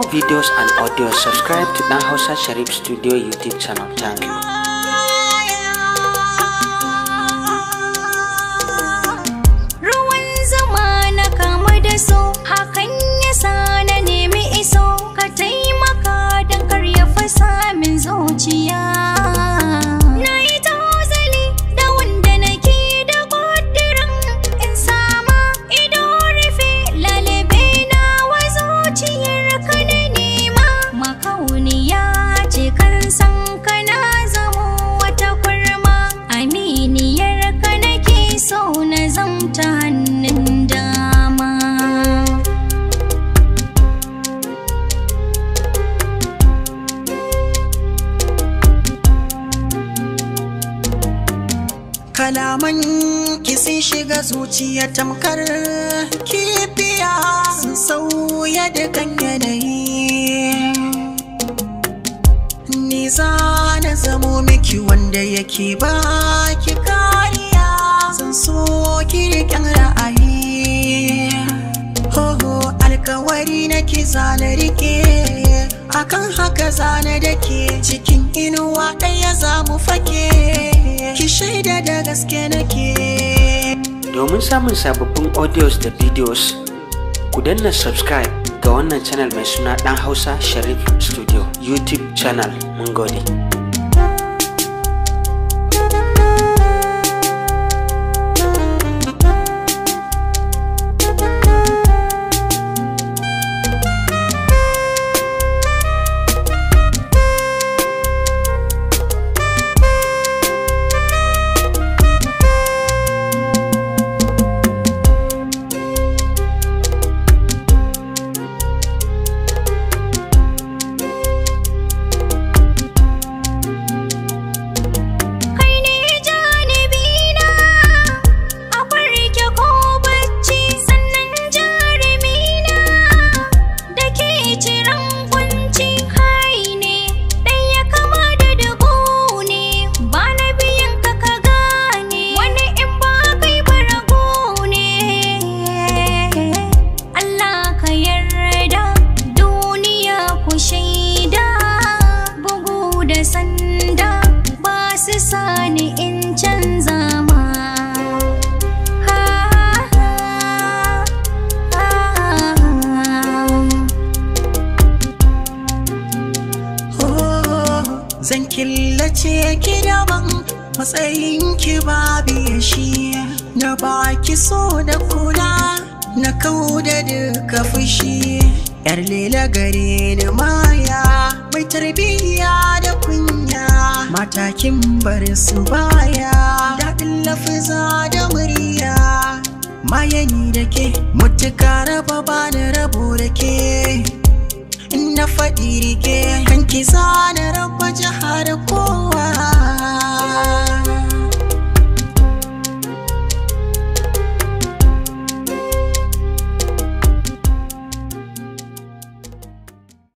more videos and audio, subscribe to Nahosa Sharif Studio YouTube channel. Thank you. kalaman ki sun shiga zuciya tamkar kifiya sun sauya dukan yanayi Niza na zamo miki wanda yake ba ki kariya sun so ki rikin ra'ayi hoho alkawari na ki na rike akan haka zana dake cikin gaske nake domin samun sababbin audios da videos ku danna subscribe ga wannan channel mai suna dan hausa sharif studio youtube channel mun gode sani in canza ma Zan killace ki daban matsayin ki babu shi na baki so da kula na kauda duka fushi yar lele gare ni maya mai tarbiyya da matakin bare su baya daɗin lafiza da murya mayani da ke mutuka raba bani rabo da ke na faɗi rike hanki